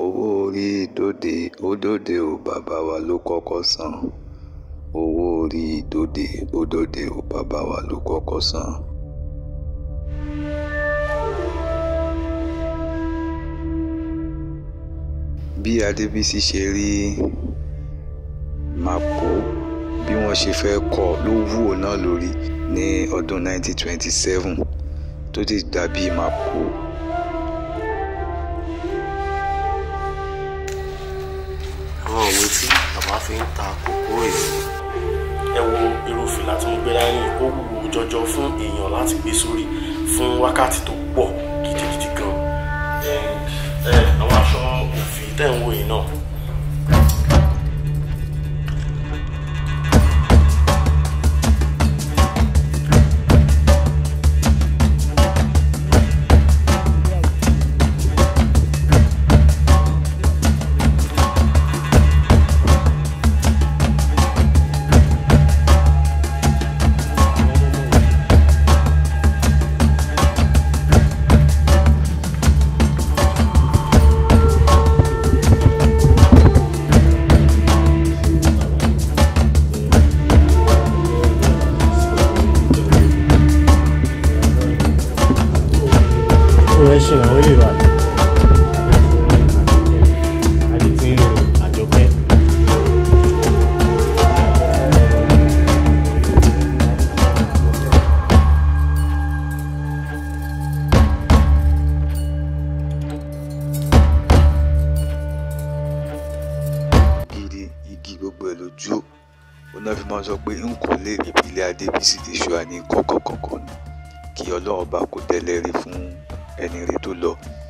owó orí ìdóde òdòdé ò bàbá wa ló kọ́kọ́ san owó orí ìdóde òdòdé ò bàbá wa ló kọ́kọ́ san. bí adébísí ṣe rí mapo bí wọ́n ṣe fẹ́ kọ́ ló wù ọ́ náà lórí ní ọdún 1927 tó ti dàbí mapo àwọn òwe tí bàbá fi ń ta kòkó rèé. ẹ wo irú fìlà tó ń gbé dání ó wúwo jọjọ fún èèyàn láti gbé sórí fún wákàtí tó pọ̀ gidigidi gan. àwọn aṣọ òfì tẹ̀ ń wò yìí náà tó ẹ ṣe ìrànwọ́ ilé àti gidi igi gbogbo ẹ̀ lójú ó náà fi máa sọ pé n kò lè rí Adébísí ti ṣọ́ àní kọ́kọ́kọ́kọ́ ni kí Ọlọ́run bá tẹ́lẹ̀ rí fún un. en negritud lo